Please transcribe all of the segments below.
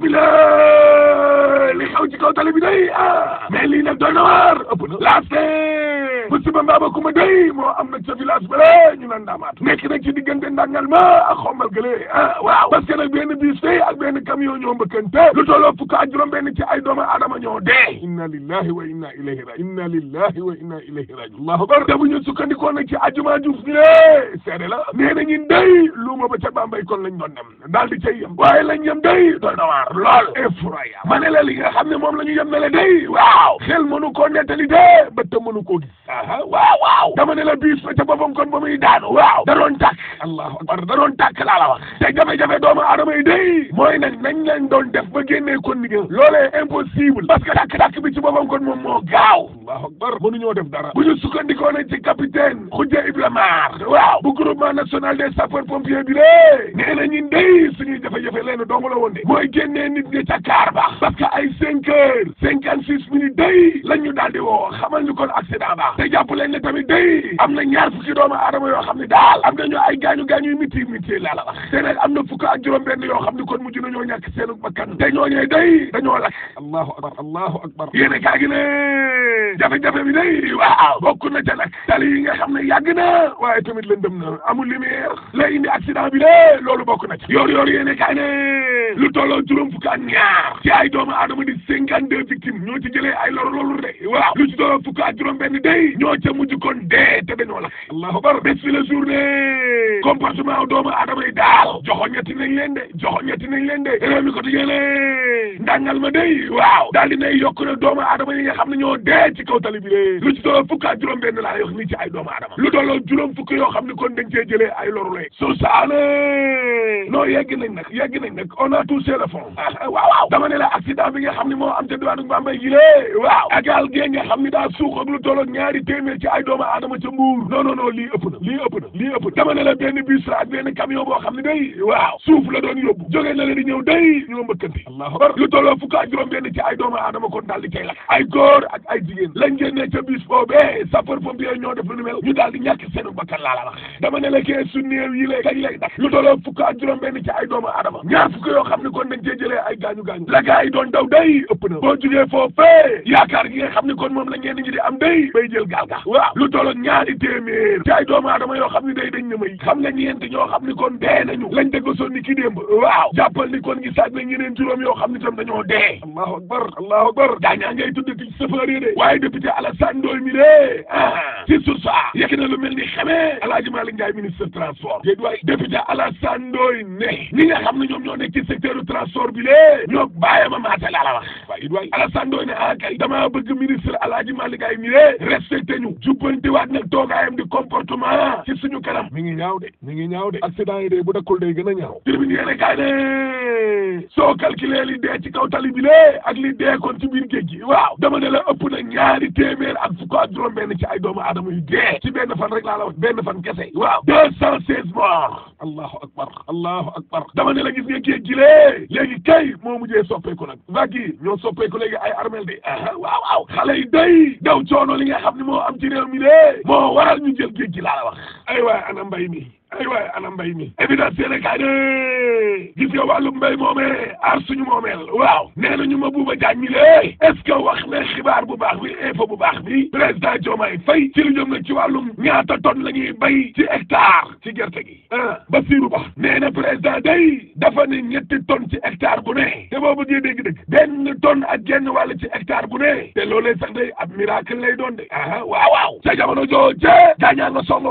Miller! ¡Lija un chico de televisión! ¡Melina Donovan! ¡Lance! musiba mbaaba kuma day moo am nag ca village bale ñu naan ndaamaatu nekk nag ci diggante ndàngal ma ak xombal gële ah waaw parce que nag benn bus tey ak benn camion ñoo mbëkkante lu tolloo fukk ak juróom benn ci ay doomu aadama ñoo dee inna lillahi wa inna ilayhi raji inna lillahi wa inna ilayhi raji allahu akbar te ñu sukkandikoo nag ci ajuma juuf ñu ne seede la nee na ñun lu ma ba ca Bambey kon lañ doon dem daal di cay yem waaye lañ yem day doy na waar lool effroyable ma ne la li nga xam ne moom la ñu yem ne la day waaw xel mënu koo nettali dee ba te mënu koo gis ah. ah waaw waaw dama ne la biis ba ca boppam kon ba muy daanu waaw da doon tàkk allahu akbar da doon tàkk laa la wax te jafe-jafe doomu aadama day mooy nag nañ leen doon def ba génnee kon ni ga loolee impossible parce que tàkk bi ci boppam moom moo gaaw allahu akbar mënuñoo def dara bu ñu sukkandikoo na ci capitaine Khoudia Ibrahima waaw bu groupement national des sapeurs pompiers bi lée nee na ñun day suñuy jafe-jafe leen dong la woon de mooy génnee nit ñi ca kaar ba parce que ay cinq jàpp leen ne tamit day am na ñaar fukki doomu aadama yoo xam ne daal am nañu ay gaañu gaañuy miti miti laa la wax te nag am na fukk ak benn yoo xam ne kon mujj nañoo ñàkk seenu bakkan te ñooñee day dañoo lakk allahu akbar allahu akbar ne jafe-jafe bi day waaw bokk na ca nag yi nga xam ne yàgg na waaye tamit lëndëm na amul lumière la indi accident bi de loolu bokk na ci yoor yoor yéene kaa ne lu tolloo juróom fukk ak ñaar ci ay doomu aadama di cinquante deux victimes ñoo ci jëlee ay loru loolu de waaw ñoo ca mujj kon dee te dañoo lakk allahu akbar bés fi la journée comportement doomu aadama yi daal joxo ñetti nañ leen de joxo ñetti nañ leen de réew mi ko ti yéene ma day waaw daal dinay yokk na doomu aadama yi nga xam ne ñoo dee ci kaw tali bi de lu ci tolloo fukk ak juróom benn laa wax ni ci ay doomu aadama lu tolloo juróom fukk yoo xam ne kon dañ cee jëlee ay loru lay su saane non yegg nañ nag yegg nañ nag on a touché le fond ah, dama ne la accident bi nga xam ne moo am ca diwaanu Bambey yi lée waaw ak gaal gee nga xam ne daa suux ak lu tolloo ñaari téeméer ci ay doomu aadama benn bus la ak benn camion boo xam ne day waaw suuf la doon yóbbu jógee na leen di ñëw day ñoo mbëkkanti allahu akbar lu tolloo ñu la wax lu tolloo fukk ak juróom benn ci ay doomu aadama ñaar fukk yoo xam ne kon moom la ngeen ñi am day bay jël gaal waaw lu tolloo ñaari téeméer ci ay doomu aadama yoo xam ne day dañ na am nga ñeent ñoo xam ni kon dee nañu lañ dëgg son ni ki démb waaw jàppal ni kon ngi saat na ñeneen juróom yoo xam ni tam dañoo dee allahu akbar allahu akbar daañaa ngay tudd ci chauffeur yi de waaye député Alassane Ndoye mi de ah ci sur ça ni xamee Alaaji Malick Ndiaye ministre transport déet waay député Alassane ne ñi nga xam ne ñoom ñoo nekk transport bi lée ñoo bàyyama maata la la wax waaye it waay Alassane Ndoye ne ah kay dama bëgg ministre Alaaji Malick Ndiaye mi de respecté ñu jubbanti waat nag toogaayam di comportement ci de ñu ngi ñaaw de accident yi de bu dakkul day gën a ñaaw tribune yéene kay soo calculé li ci kaw tali bi lée ak li dee kon ci biir géej gi waaw dama ne la ëpp na ñaari téeméer ak fukk ak juróom benn ci ay doomu aadama yu dee ci benn fan rek laa la wax benn fan kese waaw deux cent seize morts allahu akbar allahu akbar dama ne la gis nga géej gi kay moo mujjee soppeeku nag vagues yi ñoo soppeeku léegi ay armel de waaw waaw xale yi day daw coono li nga xam ne moo am ci mi de moo waral ñu jël géej laa wax ay waay ana mbay mi ay waay ana mbay mi évidence yéene kaay de gis nga wàllu mbay moomee aar suñu moomeel waaw nee na ñu ma a jaañ mi lée est wax ne xibaar bu baax bi info bu baax bi président Diomaye Faye ci lu jëm nag ci wàllum ñaata tonne la ñuy bay ci hectare ci gerte gi ah Bassirou Ba nee na président day dafa ne ñetti tonne ci hectare bu ne te boo bëggee dégg-dégg benn tonne ak genn wàll ci hectare bu ne te loolee sax day ab miracle lay doon de ah waaw waaw ca jamono joo ca gaañaa nga song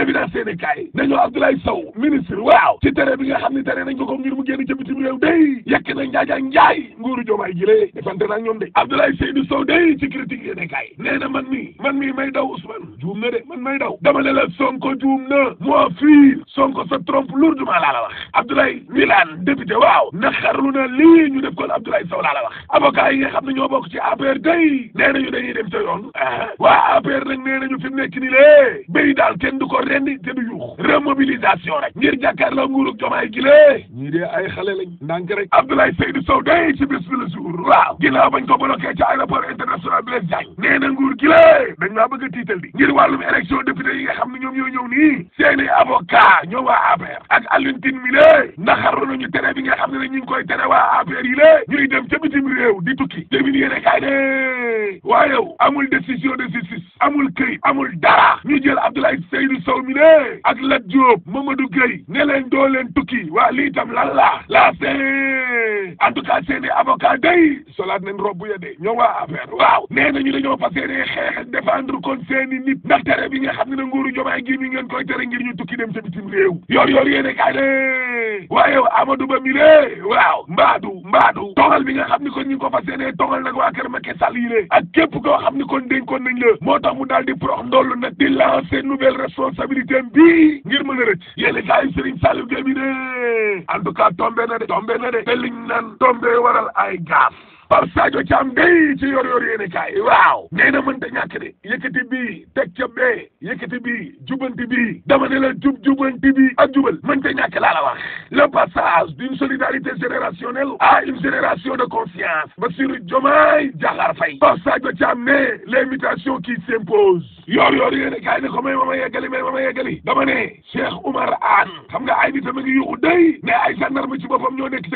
évidence yéene kaay nañu Abdoulaye Sow ministre waaw ci tere bi nga xam ne tere nañ ko ko ngir mu génn ca bitim réew day yekk na njaajaa njaay nguuru joomaay jilee defante naag ñoom de Abdoulaye Seydou Sow day ci critique yéene kaay nee na man mi man mi may daw Ousmane juum na de man may daw dama ne la Sonko juum na moo fii Sonko se trompe lourdement laa la wax Abdoulaye Wilane député waaw naxarlu na lii ñu def koon Abdoulaye Sow laa la wax avocat yi nga xam ne ñoo bokk ci APR day nee nañu dañuy dem ca yoon waa APR nag nee nañu fi mu nekk ni lée béy daal kenn du ko rendi te du yuux remobilisation rek ngir jàkkaarloo nguurug jomaay gi lée ñii dee ay xale lañ ndànk rek Abdoulaye Seydou Sow day ci bés bi le jour waaw ginnaaw bañ ko bloqué ci aéroport international Blaise Diagne nee na nguur gi dañ maa bëgg a di ngir wàllum élection député yi nga xam ne ñoom ñoo ñëw nii seeni avocat ñoom waa ak Alioune Tine mi lée naxaru nañu tere bi nga xam ne ne ñu ngi koy tere waa APR yi lée ñuy dem ca bitim réew di tukki démin yéene kaay de waaye yow amul décision de ñu jël Abdoulaye Seydou Sow Sow mi de ak Lat Diop Mamadou Gueye ne leen doo leen waa lii tam lan la la see en tout cas seeni avocat day solaat nañ rob bu ya de ñoom waa affaire waaw nee nañu dañoo fas yéene xeex défendre kon seeni nit ndax tere bi nga xam ne na nguuru jomaay gi i ngeen koy tere ngir ñu tukki dem ca bitim réew yor yor yéene kaay de waaye Amadou Ba mi de waaw mbaadu mbaadu toxal bi nga xam ni kon ñu ko fas yéene toxal nag waa kër Macky Sall yi de ak képp koo xam ni kon dénkoon responsabilité am bii ngir mën a rëcc yéeni gaa yi Serigne Saliou Gueye bi ne en tout na de tombé na de te liñ naan waral ay gaaf Pape Sadio Thiam day ci yor yor yéene kaay waaw nee na mënta ñàkk de yëkkati bii teg ca bee yëkkati bii jubanti bii dama la jub jubanti bii ak jubal mënta ñàkk laa la wax le passage d'une solidarité générationnelle à une génération de conscience Bassirou Diomaye Diakhar Faye Pape Sadio Thiam ne les mutations qui s'imposent yor yor yéene kaay ne ko may ma ma yeggali may ma ma yeggali dama ne Cheikh Anne xam nga ay nit a ngi yuuxu day ne ay gendarme ci boppam ñoo nekk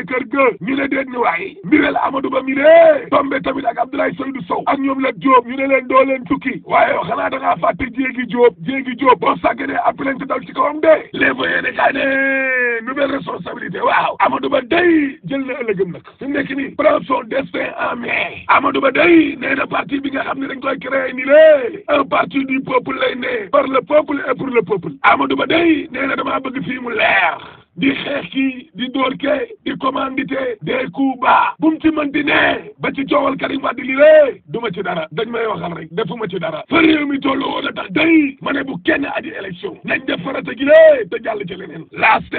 yooyee tombé tamit ak Abdoulaye Seydou Sow ak ñoom la Diop ñu ne leen doo leen tukki waaye xanaa da ngaa fàtte jéegi Diop jéegi Diop boo sàgganee appelé nga dal ci kawam de les voyés ne kaa ne nouvelle waaw Amadou Ba day jël na ëllëgëm nag fi mu nekk nii prend son destin en na parti bi nga xam ne dañ ko créé nii lé un parti du peuple lay ne par le peuple et pour le peuple Amadou Ba day nee na damaa bëgg fii mu di xeex kii di dóor kee di commandité des coups bu mu ci mënti ne ba ci coowal Karim Wade li lée du ma ci dara dañ may waxal rek ma ci dara fa mi tollu woon a tax day ma ne bu kenn aji élection nañ def farata gi lée te jàll ci leneen laaste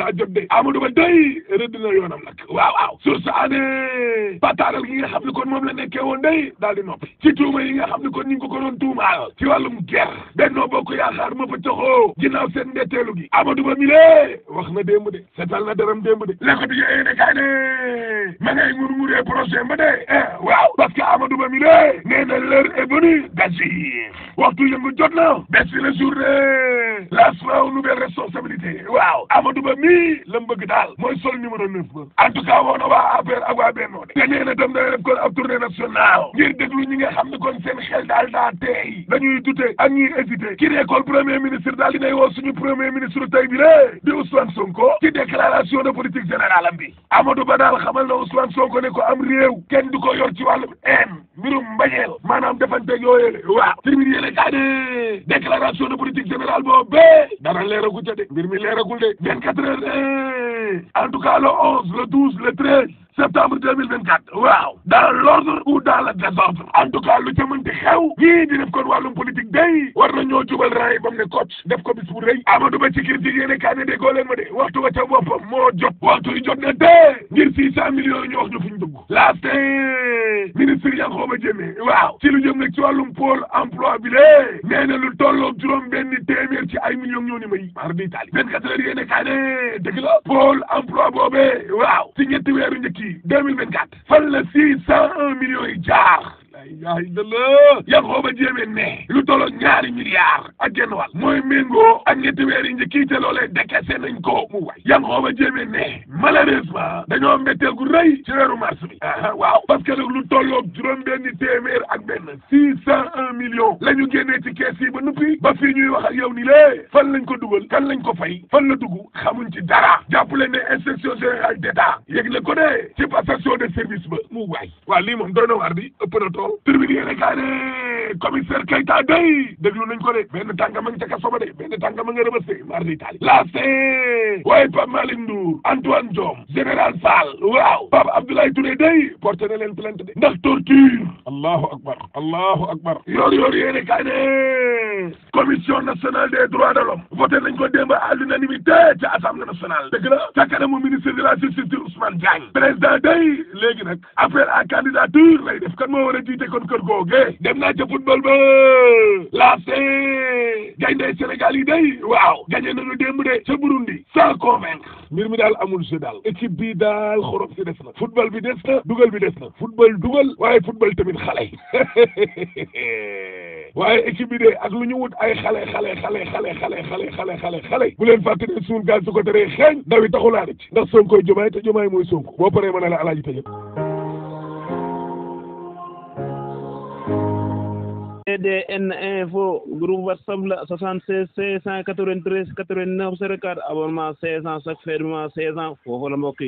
daa jot de Amadou Ba day rëdd na yoonam nag waaw waaw sur sa année pataaral gi nga xam ne kon moom la nekkee woon day daal di noppi ci tuuma yi nga xam ne kon ñu ngi ko ko doon tuumaal ci wàllum guerre Benno Bokk Yaakaar ma fa taxoo ginnaaw de wax na démb de setal na dërëm démb de la ko di yéene kay ne ma ngay murmuré projet ba de eh, waaw parce que Amadou Ba mi de nee na l'heure est venue d'agir waxtu yëngu jot na bés si la journée lancement aux nouvelles responsabilités waaw Amadou Ba mi la mu bëgg daal mooy sol numéro neuf ba en tout cas woo na waa APR ak waa Benno de te nee na dem dana def kon ab tournée nationale ngir déglu ñi nga xam ne kon seen xel daal daa teey la ñuy dute ak ñuy hésité ki récolte premier ministre daal dinay woo suñu premier ministre tey bi de Ousmane Sonko ci déclaration de politique générale am bi Amadou Ba daal xamal na Ousmane Sonko ne ko am réew kenn du ko yor ci wàllum en mbirum mbañeel maanaam defante o waaw ci biir yéene kaa de déclaration de politique générale boobu bee dara leeragul ca de mbir mi leeragul de vingt quatre heures eh, en tout cas le onze le septembre deux mille vingt quatre waaw dans l'ordre ou dans le désordre en tout cas lu ca mënti xew ñii di def kon wàllum politique day war na ñoo jubal rang yi ba mu def ko bis bu rëy Amadou Ba ci critique yéene kaa ne déggoo ma de waxtu wa ca boppam moo jot waxtu yi jot na dee ngir six cent millions yi ñu wax ñu fu ñu dugg laast ministre a Diémé waaw ci lu jëm nag ci wàllum pôle emploi bi lée nee lu tolloog juróom benn téeméer ci ay millions ñoo ni may mar di tali vingt quatre heures yéene kaa ne dëgg la pôle emploi boobee waaw ci ñetti weeru deux mille vingt quatre fan la six cent un millions yi jaar ilaha illallah Yankhoba Diémé ne lu tolloog ñaari milliards ak genn wàll mooy méngoo ak ñetti weer yi njëkk te loolee dekese nañ ko mu waay Yankhoba Diémé ne malheureusement dañoo mbetteel gu rëy ci weeru mars bi ah, waaw parce que nag lu tolloog juróom benni téeméer ak benn six cent un millions la ñu génnee ci kees yi ba nuppi ba fii ñuy wax ak yow ni lée fan lañ ko dugal kan lañ ko fay fan la dugu xamuñ ci dara jàppale ne inspection générale d'État yëg na ko de ci passation de service ba mu waay waaw lii moom doy na waar tribune yéene kaay ne commissaire Keita day déglu nañ ko de benn tànka ma nga ca kaso ba de benn tànka ma a rëbës de mardi taali laase waaye Pape Malick Ndour Antoine Diome général Fall waaw Pape Abdoulaye Touré day porté na leen plainte de ndax torture allahu akbar allahu akbar yoor yoor yéene kaay ne commission nationale des droits de l'homme voté nañ ko démb à l'unanimité ci assemblée nationale dëgg la ca kanamu ministre de la justice Ousmane Diagne président day léegi nag appel a candidature lay def kan moo war a jiite kon kër googee dem naa ca football ba laas gaynde Sénégal yi day waaw gañe nañu de ca Burundi sans convaincre mbir mi daal amul jeu daal équipe bi daal xorob si des na football bi des na dugal bi des na football dugal waaye football tamit xale waaye équipe bi de ak lu ñu wut ay xale xale xale xale xale xale xale xale xale bu leen fàtte ne suul gaal su ko teree xeeñ ndaw yi taxulaa rek ndax Sonko koy jomaay te jomaay mooy Sonko boo paree mën a la alaaji E DDN Info groupe WhatsApp la 76 593 89 04 abonnement 16 ans chaque fois foofu la mbokk